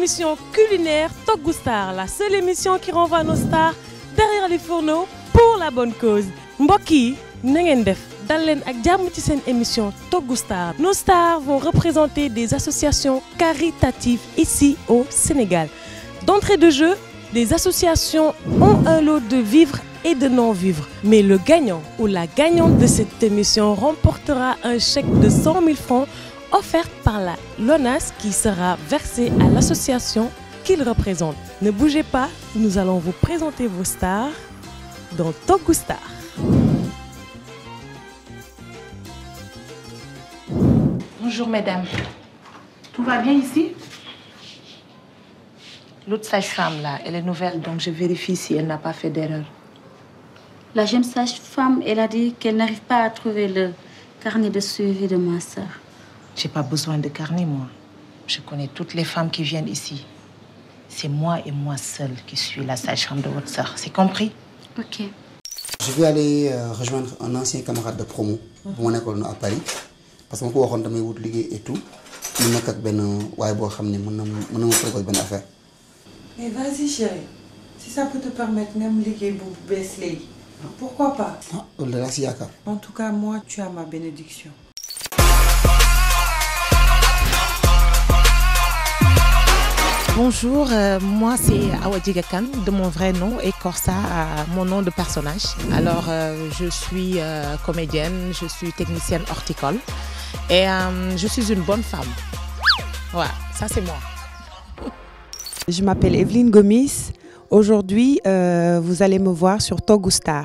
émission culinaire Togustar, la seule émission qui renvoie nos stars derrière les fourneaux pour la bonne cause. Mboki, émission Nos stars vont représenter des associations caritatives ici au Sénégal. D'entrée de jeu, des associations ont un lot de vivres et de non vivre Mais le gagnant ou la gagnante de cette émission remportera un chèque de 100 000 francs offerte par la LONAS qui sera versée à l'association qu'il représente. Ne bougez pas, nous allons vous présenter vos stars dans Togu Star. Bonjour mesdames. Tout va bien ici L'autre sage-femme là, elle est nouvelle, donc je vérifie si elle n'a pas fait d'erreur. La jeune sage-femme, elle a dit qu'elle n'arrive pas à trouver le carnet de suivi de ma soeur n'ai pas besoin de carnet, moi. Je connais toutes les femmes qui viennent ici. C'est moi et moi seule qui suis la sage-femme de votre soeur, C'est compris Ok. Je vais aller euh, rejoindre un ancien camarade de promo pour mon école à Paris. Parce que je suis mes wut et tout. Je suis aller ben way bo xamné affaire. Mais vas-y chérie. Si ça peut te permettre même de Pourquoi pas ah, En tout cas, moi tu as ma bénédiction. Bonjour, euh, moi c'est Awadji de mon vrai nom, et Corsa, euh, mon nom de personnage. Alors, euh, je suis comédienne, je suis technicienne horticole, et je suis une bonne femme. Voilà, ça c'est moi. Je m'appelle Evelyne Gomis. Aujourd'hui, vous allez me voir sur Togustar.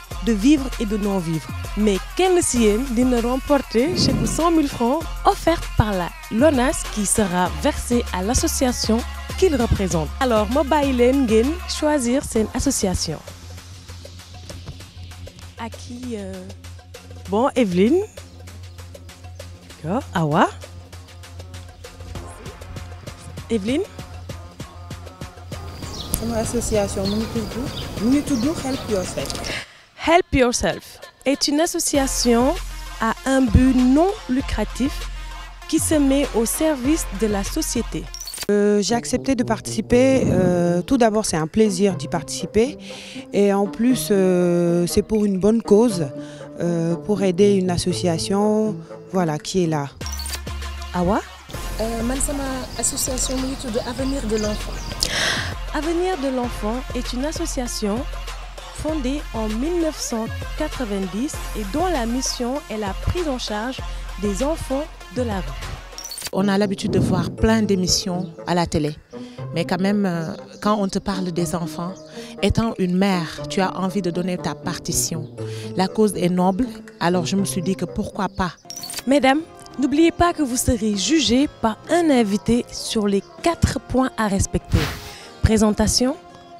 de vivre et de non vivre mais qu'elle si de remporter chaque 100 000 francs offert par la LONAS qui sera versée à l'association qu'il représente alors Mobile je vais choisir cette association. à qui euh? bon Evelyne. d'accord Awa. Evelyne. association nous Help Yourself est une association à un but non lucratif qui se met au service de la société. Euh, j'ai accepté de participer. Euh, tout d'abord, c'est un plaisir d'y participer. Et en plus, euh, c'est pour une bonne cause, pour aider une association voilà, qui est là. Awa association de Avenir de l'enfant. Avenir de l'enfant est une association fondée en 1990 et dont la mission est la prise en charge des enfants de la rue. On a l'habitude de voir plein d'émissions à la télé, mais quand même, euh, quand on te parle des enfants, étant une mère, tu as envie de donner ta partition. La cause est noble, alors je me suis dit que pourquoi pas. Mesdames, n'oubliez pas que vous serez jugées par un invité sur les quatre points à respecter. Présentation,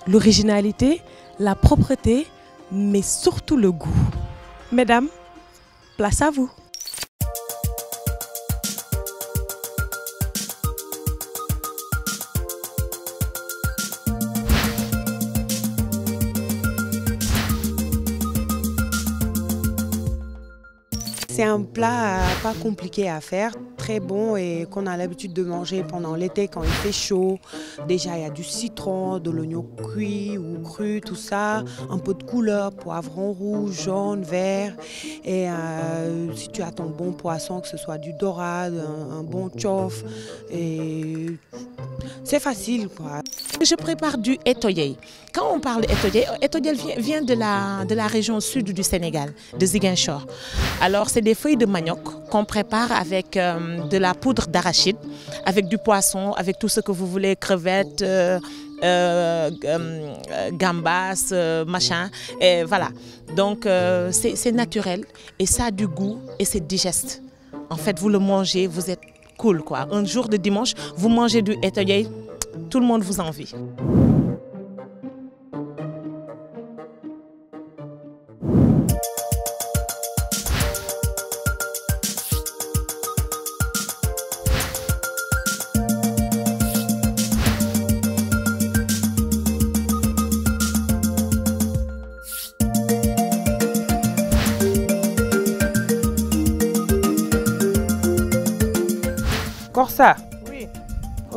l'originalité, la propreté, mais surtout le goût. Mesdames, place à vous. C'est un plat pas compliqué à faire bon et qu'on a l'habitude de manger pendant l'été quand il fait chaud. Déjà, il y a du citron, de l'oignon cuit ou cru, tout ça, un peu de couleur, poivron rouge, jaune, vert. Et euh, si tu as ton bon poisson, que ce soit du dorade, un, bon chof, et c'est facile quoi. Je prépare du étoyé. Quand on parle étoyé, étoyé vient de la, de la région sud du Sénégal, de Ziguinchor. Alors c'est des feuilles de manioc qu'on prépare avec euh, de la poudre d'arachide avec du poisson, avec tout ce que vous voulez, crevettes, euh, euh, euh, gambas, machin. Et voilà. Donc c'est naturel et ça a du goût et c'est digeste. En fait, vous le mangez, vous êtes cool quoi. Un jour de dimanche, vous mangez du etayay, tout le monde vous envie.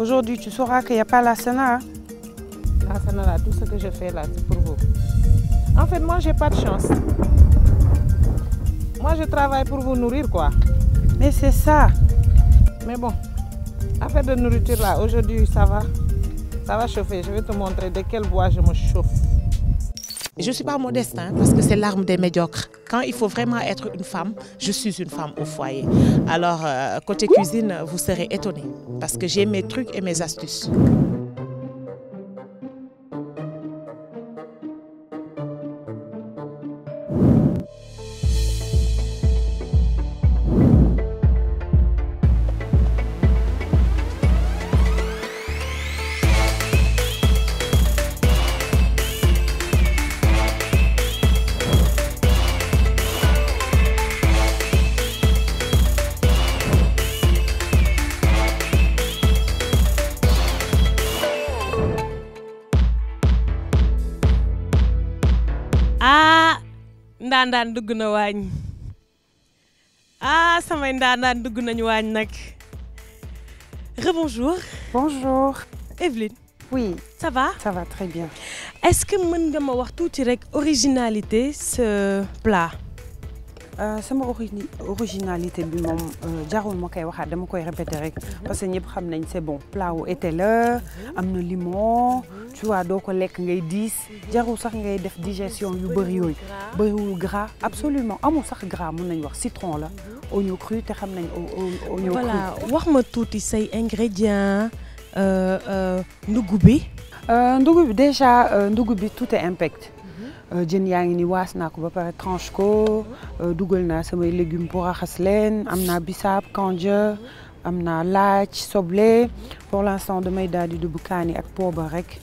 Aujourd'hui, tu sauras qu'il n'y a pas la hein. L'asana, tout ce que je fais là, c'est pour vous. En fait, moi, j'ai pas de chance. Moi, je travaille pour vous nourrir, quoi. Mais c'est ça. Mais bon, affaire de nourriture, là, aujourd'hui, ça va. Ça va chauffer. Je vais te montrer de quel bois je me chauffe. Je ne suis pas modeste, hein, parce que c'est l'arme des médiocres il faut vraiment être une femme, je suis une femme au foyer. Alors, euh, côté cuisine, vous serez étonnés parce que j'ai mes trucs et mes astuces. dugg na waañ ah samay ndaandaan dugg nañu waañ nag rebonjour. bonjour. Evelyne. oui ça va. ça va très bien. est-ce que mën nga ma wax tuuti rek originalité ce plat. Euh, sama origine originalité bi mom euh, jarul ma kay waxat dama koy répéter rek parce que ñepp xam nañ c'est bon plat wu été la limon tu vois doko lek ngay diis jarul sax ngay def digestion yu bëri yooyu bëriwul gras absolument amu sax gras mën nañ wax citron la oignon cru te xam nañ oignon cru voilà wax ma tuuti say ingrédients euh, ndugg bi ndugg bi déjà ndugg bi tout est impact euh, jën yaangi ni waas naa ko ba paré tranche ko euh, dougal na samay légumes pour raxas leen amna naa kanje amna lach soblé pour l'instant de may di dugg kaani ak poobar rek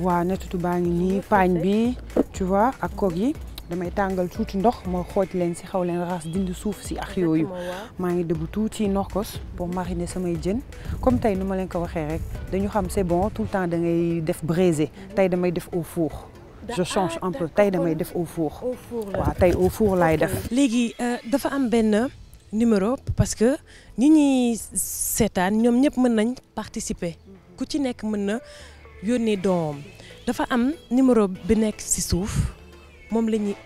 wa netatu baangi ni nii bi tu vois ak koog yi damay tangal tuuti ndox moo xoj leen si xaw leen ras dindi souf si ak yoyu maa ngi dëbb tuuti n'okos pour mariner samay jën comme tay numa ma ko waxé rek dañu xam c'est bon tout le temps da ngay def braisé tay damay def au four je change un peu tey damay def au four. wa tay au four lay def. legui dafa am ben numéro parce que nit ñi seetaan ñoom ñëpp mën nañ participer ku ci nek mën na yónnee dafa am numéro bi nek ci suuf mom la ñuy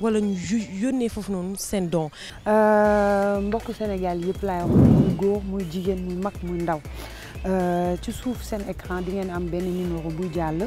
wala ñu yónnee fofu non sen don. Euh, mbokk Sénégal yëpp lay wax muy goor muy jigen muy mag muy ndaw euh, ci suuf sen écran di ngeen am ben numéro bu jall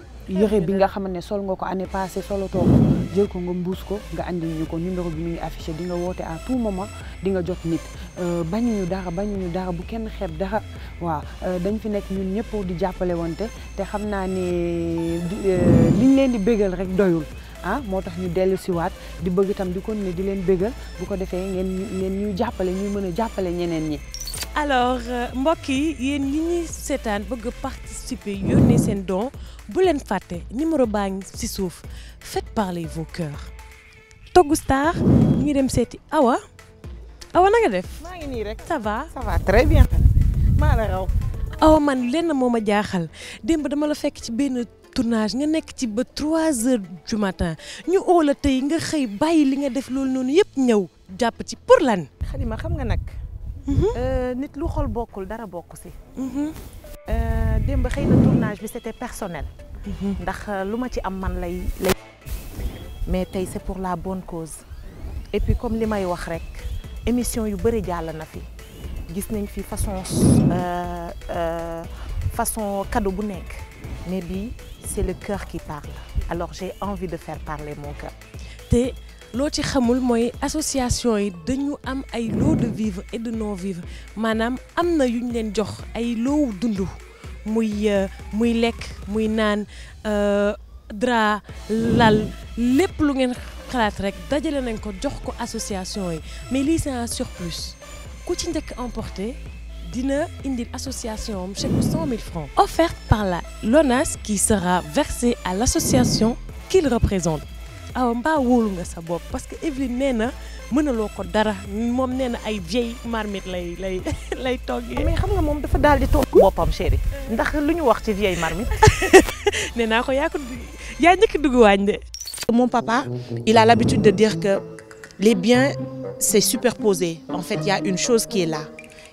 yëre bi nga xamante ne sol nga ko année passée solo ko jël ko nga mbuus ko nga andi ñu ko ñu numéro bi mi ngi affiché di woote à tout moment di nga jot nit euh, bañuñu dara bañuñu dara bu kenn xeet dara waaw euh, dañ fi nekk ñun ñëpp di jàppale wante te xam naa ne euh, liñ leen di bégal rek doyul ah moo tax ñu dellu siwaat di bëgg itam di kon ne di leen bégal bu ko defee ngeen ngeen ñuy jàppale ñuy mën a jàppale ñeneen ñi alors euh, mbokk yi yéen ñi ñuy seetaan bëgg participer yónnee seen don bu leen fàtte numéro baa ngi ci suuf faites parler vos cœurs Togg Star ñu dem seeti Awa Awa na nga def. maa ngi nii rek ça va ça va très bien. maa la raw. Awa man lenn moo ma jaaxal démb dama la fekk ci benn tournage nga nekk ci ba 3 heures du matin ñu oo la tey nga xëy bàyyi li nga def loolu noonu yëpp ñëw jàpp ci pour lan. xalima xam nga nag. Mhm. Euh, nit lu xol bokul dara bokk ci mhm. euh, démb xëy tournage bi c'était personnel. Mhm. ndax euh, luma ci am man lay lay. mais tay c'est pour la bonne cause. et puis comme li may wax rek émission yu bëri jàll na fi gis nañ fi façon façon cadeau bu nek mais bi c'est le cœur qui parle alors j'ai envie de faire parler mon cœur lo ci xamul moy association yi dañu am ay lot de vivre et de non vivre manam amna yuñ len jox ay loowu dundu muy euh, muy lek muy euh drap lal lepp lu ngeen xalat rek dajale nañ ko jox ko association yi mais li c'est un surplus ku ci ndek emporté dina indi association am chèque 100 000 francs offerte par la l'ONAS qui sera versée à l'association qu'il représente awa mbaa wóolu nga sa bopp parce que Evelyne nee na mënaloo ko dara moom nee na ay vieille marmite lay lay lay toggee. mais xam nga moom dafa daal di toog boppam chéri ndax lu ñu wax ci vieille marmite. nee ko yaa yaa njëkk dugg waañ de. mon papa il a l'habitude de dire que les biens c'est superposé en fait il y a une chose qui est là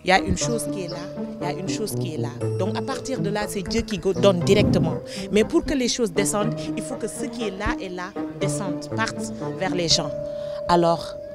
il y a une chose qui est là, il y a une chose qui est là. Donc à partir de là, c'est Dieu qui donne directement. Mais pour que les choses descendent, il faut que ce qui est là et là descende, parte vers les gens. Alors,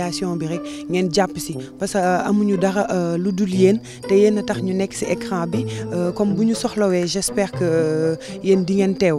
association bi rek ngeen japp ci parce que euh, amuñu dara euh, lu dul yeen te yeen tax ñu nekk ci écran bi euh, comme buñu ñu j'espère que yeen di ngeen teew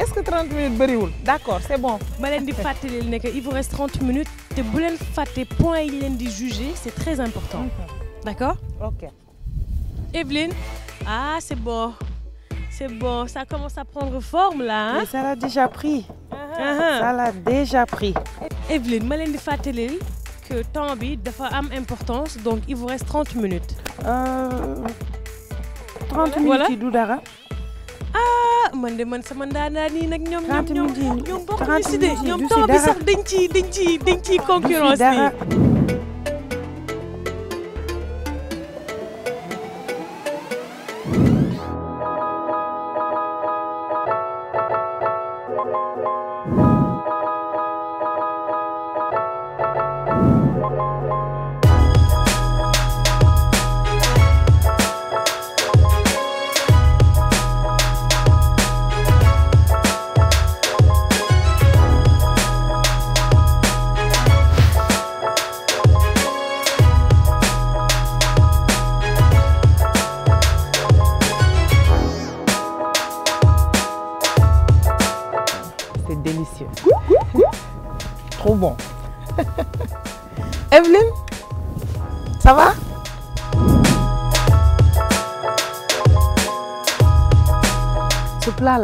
est-ce que 30 minutes bëriwul d'accord c'est bon. ma dit, di il vous reste 30 minutes te bu leen point len di juger c'est très important. Mhm. d'accord ok. Evelyne ah c'est bon c'est bon ça commence à prendre forme là. Hein? mais ça l'a déjà pris. Ah, ah, ah. ça l'a déjà pris. Evelyne ma dit, di que temps bi dafa importance donc il vous reste 30 minutes. 30 euh, minutes voilà. ah. ah man de sama ndaanaan yi nag ñoom ñoom ñoom bokk ñu si de ñoom temps bi sax dañ ciy dañ ciy dañ concurrence bi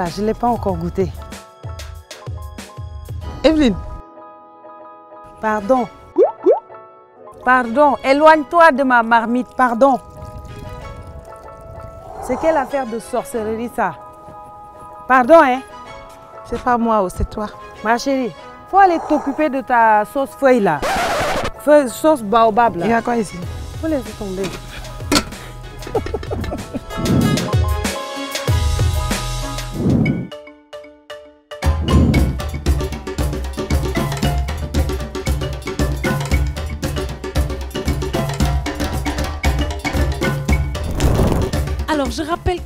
Ah, je ne l'ai pas encore goûté. Evelyne Pardon. Pardon, éloigne-toi de ma marmite, pardon. C'est quelle affaire de sorcellerie ça Pardon, hein C'est pas moi, oh, c'est toi. Ma chérie, faut aller t'occuper de ta sauce feuille là. sauce baobab là. Il y a quoi ici Faut laisser tomber.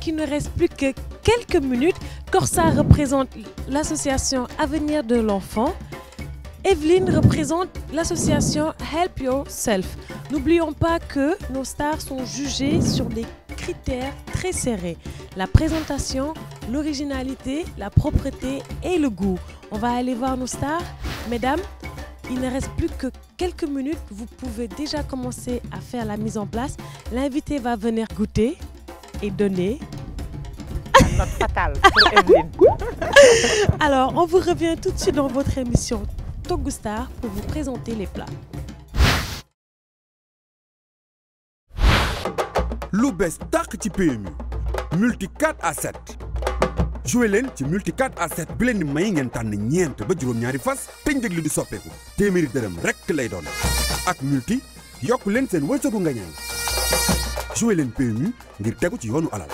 Il ne reste plus que quelques minutes. Corsa représente l'association Avenir de l'enfant. Evelyne représente l'association Help Yourself. N'oublions pas que nos stars sont jugées sur des critères très serrés. La présentation, l'originalité, la propreté et le goût. On va aller voir nos stars. Mesdames, il ne reste plus que quelques minutes. Vous pouvez déjà commencer à faire la mise en place. L'invité va venir goûter et donner fatale pour Alors, on vous revient tout de suite dans votre émission Togou pour vous présenter les plats. lu bees PMU multi 4 à 7 jouez len ci multi 4 à 7 bi leen may ngeen tànn ñeent ba juróom-ñaari fas te njëg li di soppeeku rek lay doon ak multi yok leen seen wërsëgu ngañaay joué len PMU ngir tegu ci yoonu alal.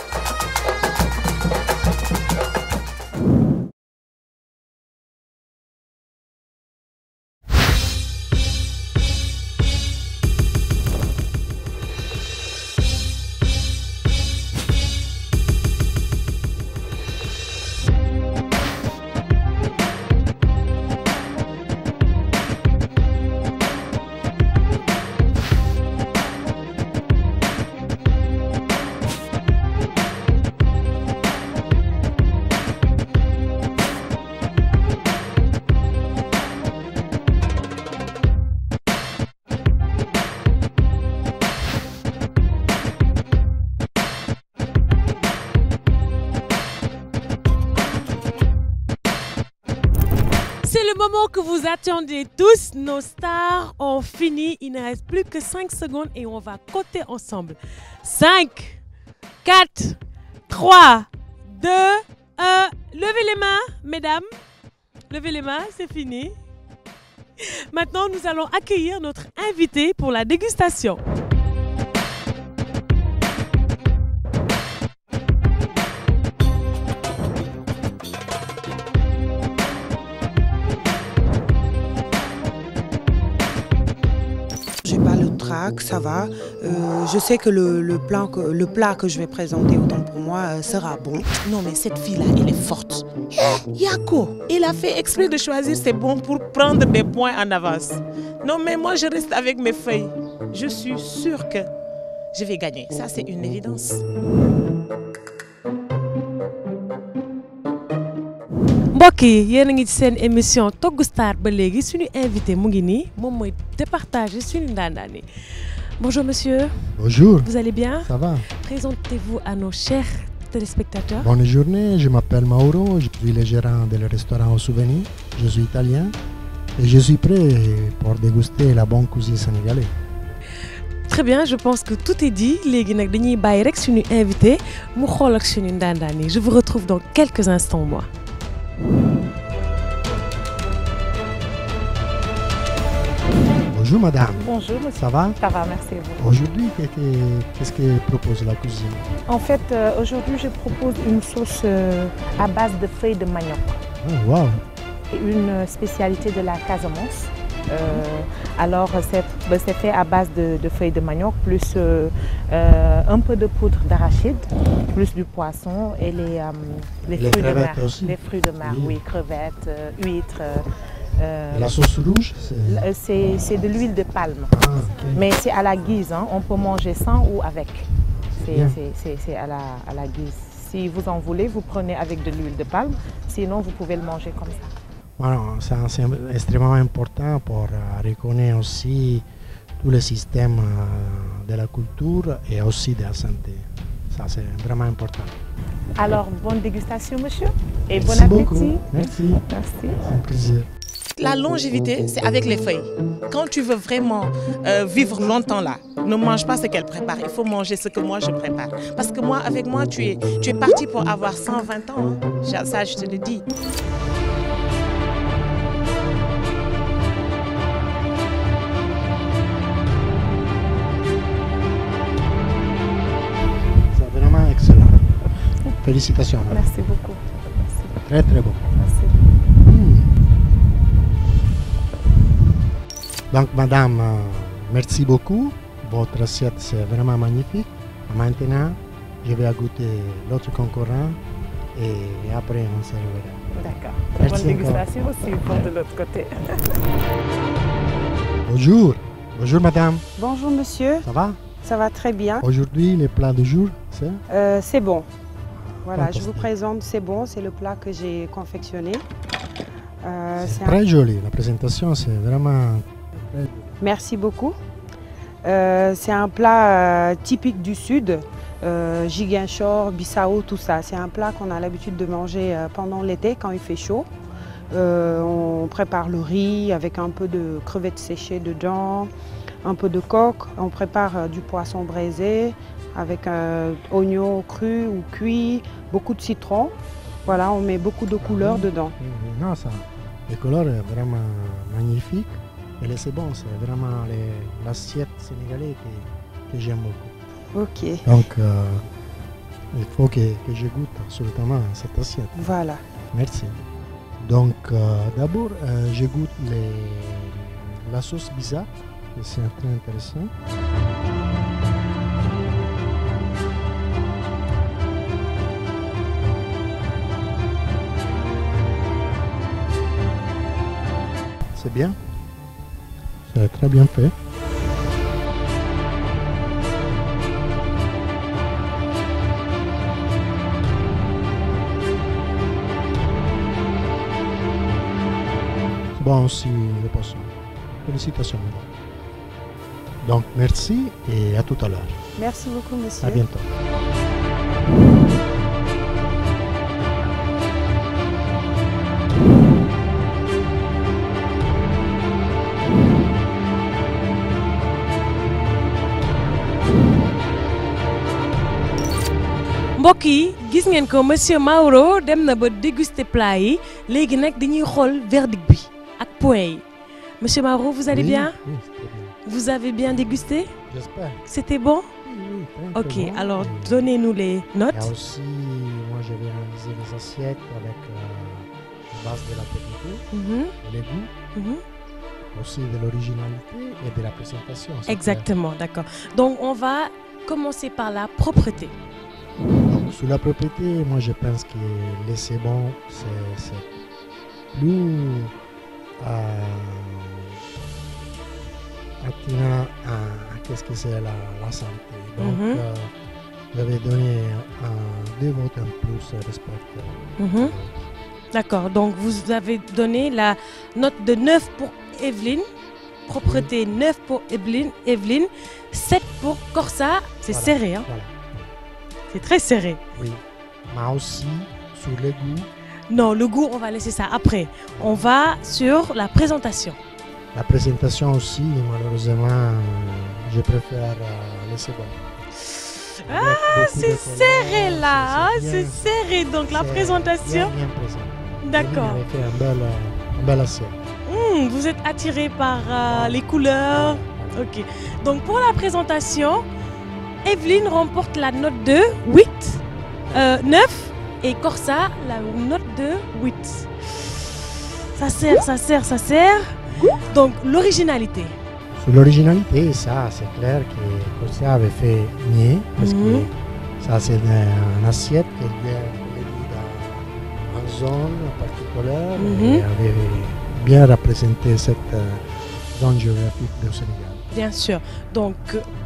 que vous attendez tous, nos stars ont fini. Il ne reste plus que 5 secondes et on va côté ensemble. 5, 4, 3, 2, 1. Levez les mains, mesdames. Levez les mains, c'est fini. Maintenant, nous allons accueillir notre invité pour la dégustation. que ça va. Euh, je sais que le, plan que le plat que je vais présenter, autant pour moi, euh, sera bon. Non, mais cette fille-là, elle est forte. Eh, Yako, il a fait exprès de choisir ses bons pour prendre des points en avance. Non, mais moi, je reste avec mes feuilles. Je suis sûre que je vais gagner. Ça, c'est une évidence. Ok, yi y a ngi ci seen émission Je suis ba légui suñu invité mu ngi nii je suis départager suñu ndandani. bonjour monsieur. bonjour vous allez bien. ça va présentez-vous à nos chers téléspectateurs. bonne journée je m'appelle Mauro je suis le gérant le restaurant au souvenir je suis italien et je suis prêt pour déguster la bonne cuisine sénégalaise. très bien je pense que tout est dit Légui nak dañuy bàyyi rek suñu invité mu xol ak suñu je vous retrouve dans quelques instants moi. Bonjour madame. Bonjour Ça va Ça va, merci. Aujourd'hui, qu'est-ce que propose la cuisine En fait, euh, aujourd'hui, je propose une sauce euh, à base de feuilles de manioc. Oh, wow. Une euh, spécialité de la Casamance. Euh, alors, ben, c'est fait à base de, feuilles de manioc, plus euh, euh, un peu de poudre d'arachide, plus du poisson et les, les, fruits, de mer, les fruits de mer. Oui. crevettes, huîtres. la sauce rouge C'est de l'huile de palme. Ah, Mais c'est à la guise. Hein. On peut manger sans ou avec. C'est à la guise. Si vous en voulez, vous prenez avec de l'huile de palme. Sinon, vous pouvez le manger comme ça. Voilà, c'est extrêmement important pour eh, reconnaître aussi tout le système de la culture et aussi de la santé. Ça, c'est vraiment important. Alors, bonne dégustation, monsieur, et bon appétit. Merci. Merci. Un plaisir. La longévité, c'est avec les feuilles. Quand tu veux vraiment euh, vivre longtemps là, ne mange pas ce qu'elle prépare. Il faut manger ce que moi je prépare. Parce que moi, avec moi, tu es, tu es parti pour avoir 120 ans. Hein. Ça, je te le dis. Félicitations. Merci beaucoup. Très, très bon Merci. Hmm. Donc, madame, euh, merci beaucoup. Votre assiette, c'est vraiment magnifique. Maintenant, je vais goûter l'autre concurrent et après, on se reverra. D'accord. Bonne dégustation aussi pour de l'autre côté. Bonjour. Bonjour, madame. Bonjour, monsieur. Ça va Ça va très bien. Aujourd'hui, les plats du jour, c'est euh, C'est bon. Voilà, je vous présente, c'est bon, c'est le plat que j'ai confectionné. Euh, c'est très joli, la présentation, c'est vraiment... Merci beaucoup. Euh, c'est un plat euh, typique du Sud, euh, Giguinchor, Bissau, tout ça. C'est un plat qu'on a l'habitude de manger pendant l'été quand il fait chaud. on prépare le riz avec un peu de crevettes séchées dedans, un peu de coque. On prépare du poisson braisé avec un oignon cru ou cuit beaucoup de citron. Voilà, on met beaucoup de couleurs dedans. Mm, mm, non, ça, les couleurs sont vraiment magnifiques. Et c'est bon, c'est vraiment l'assiette sénégalaise que, j'aime beaucoup. Ok. Donc, euh, il faut que, je goûte absolument cette assiette. Voilà. Merci. Donc, euh, d'abord, euh, je goûte la sauce bizarre, c'est très intéressant. bien. C'est très bien fait. bon aussi le poissons, Félicitations. Donc merci et à tout à l'heure. Merci beaucoup monsieur. À bientôt. Ok, yi gis que M. Mauro Maodo dem ba déguster plat yi léegi nag Les xool verdict bi ak point yi monsieur vous allez bien oui, vous avez bien dégusté j'espère c'était bon oui, ok alors donnez-nous les notes Là aussi moi j'avais réalisé les assiettes avec euh, la base de la technique mhm. les goûts mhm. aussi de l'originalité et de la présentation exactement d'accord donc on va commencer par la propreté sur la propriété, moi je pense que laisser bon, c'est plus euh, attirant à, à qu'est-ce que c'est la, santé. Donc, mm -hmm. un, deux votes en plus respect. Mm D'accord, donc vous avez donné la note de 9 pour Evelyne, propreté 9 pour Evelyne, Evelyne 7 pour Corsa, c'est serré. Hein. Voilà très serré. Oui. aussi sur le goût. Non, le goût, on va laisser ça après. On va sur la présentation. La présentation aussi, malheureusement, euh, je préfère euh, laisser Ah, c'est serré là, hein, c'est serré. Donc la présentation. D'accord. Euh, hmm, vous êtes attiré par les couleurs. Ok. Donc pour la présentation, Evelyne remporte la note de 8, 9 euh, et Corsa la note de 8. Ça sert, ça sert, ça sert. Donc l'originalité. l'originalité, ça c'est clair que Corsa avait fait mieux parce que mhm. ça c'est un assiette qui vient dans une zone particulière et mhm. avait bien représenté cette euh, zone géographique du Sénégal. Bien sûr. Donc,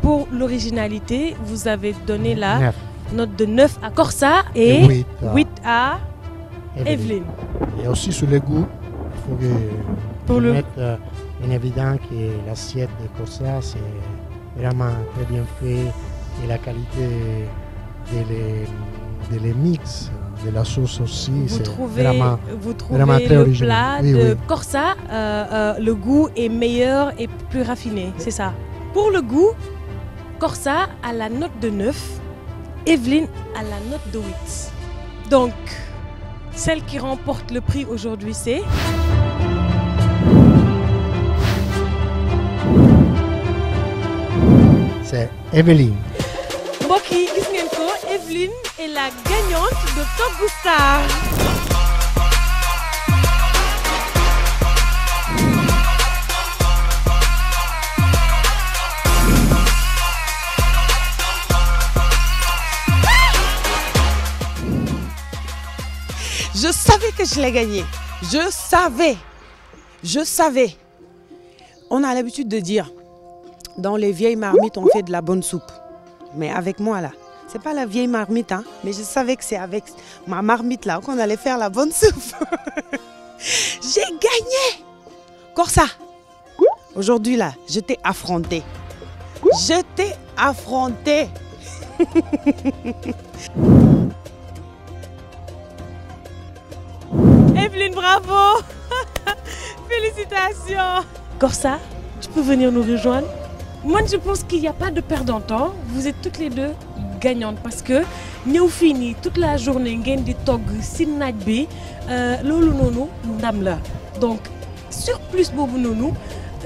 pour l'originalité, vous avez donné la note de 9 à Corsa et, 8, à Evelyne. Et aussi sur les goûts, il faut que pour le... mettre en euh, que l'assiette de Corsa, c'est vraiment très bien fait et la qualité des de les mix la sauce aussi. Vous trouvez, le plat de Corsa, le goût est meilleur et plus raffiné, c'est ça. Pour le goût, Corsa a la note de 9, Evelyne à la note de 8. Donc, celle qui remporte le prix aujourd'hui, c'est... C'est Evelyne. Boki yi Evelyne est la gagnante de Top Gustav. Je savais que je l'ai gagné. Je savais. Je savais. On a l'habitude de dire, dans les vieilles marmites, on fait de la bonne soupe mais avec moi là. C'est pas la vieille marmite, hein, mais je savais que c'est avec ma marmite là qu'on allait faire la bonne soupe. J'ai gagné Corsa, aujourd'hui là, je t'ai affronté. Je t'ai affronté Evelyne, bravo Félicitations Corsa, tu peux venir nous rejoindre moi, je pense qu'il n'y a pas de perdant Vous êtes toutes les deux gagnantes parce que nous fini toute la journée nous des togg bi euh, ndam donc sur plus Bob euh,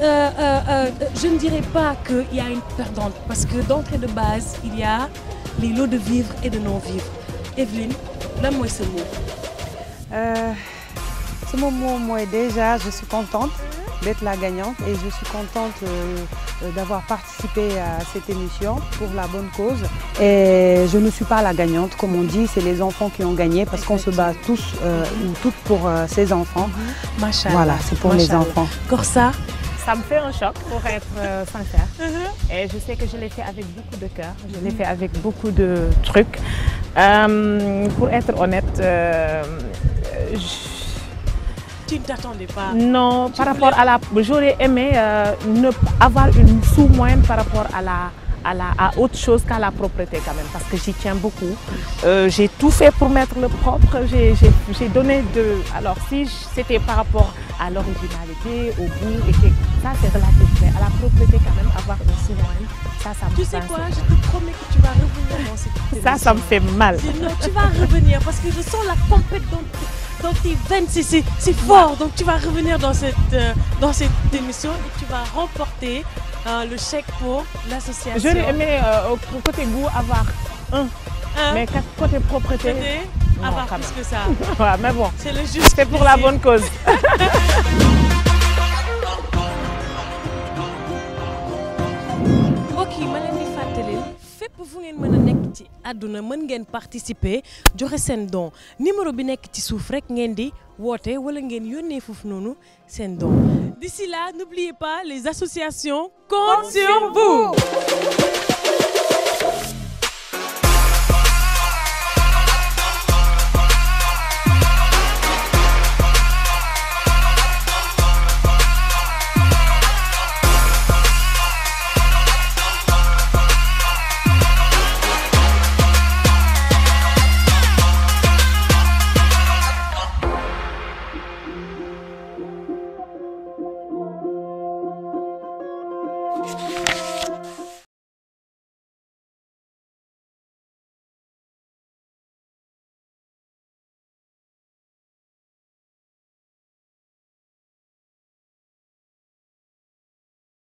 euh, euh, je ne dirais pas qu'il y a une perdante, parce que d'entrée de base, il y a les lots de vivre et de non-vivre. Evelyne, là, moi, ce mot. ce moment, moi, déjà, je suis contente d'être la gagnante et je suis contente euh, euh, d'avoir participé à cette émission pour la bonne cause. Et je ne suis pas la gagnante, comme on dit, c'est les enfants qui ont gagné parce qu'on se bat tous euh, ou toutes pour ces enfants. Mhm. Voilà, c'est pour les enfants. Corsa ça me fait un choc pour être sincère. Mhm. Et je sais que je l'ai fait avec beaucoup de cœur, je l'ai mhm. fait avec beaucoup de trucs. pour être honnête, je tu ne t'attendais pas Non, par rapport à la... J'aurais aimé euh, avoir une sous-moyenne par rapport à la... À, la, autre chose qu'à la propreté quand même, parce que j'y tiens beaucoup. Euh, j'ai tout fait pour mettre le propre, j'ai donné de... Alors si c'était par rapport à l'originalité, au goût, et ça c'est relatif, mais à la propreté quand même, avoir une sous ça, ça me Tu sais quoi, je te promets que tu vas revenir Ça, ça me fait mal. Non, tu vas revenir, parce que je sens la compétence donc 26, c'est fort. Donc tu vas revenir dans cette, euh, dans cette émission et tu vas remporter euh, le chèque pour l'association. l'ai aimé, euh, au côté goût, avoir un. un. Mais côté propreté, non, avoir plus que ça. ouais, mais bon, c'est le juste. C'est pour la bonne cause. ok, pour vous ngeen mën a nekk ci àdduna mën ngeen participer joxe seen don numéro bi nekk ci suuf rek ngeen di woote wala ngeen yónnee foofu noonu seen don d'ici là n'oubliez pas les associations comptent sur vous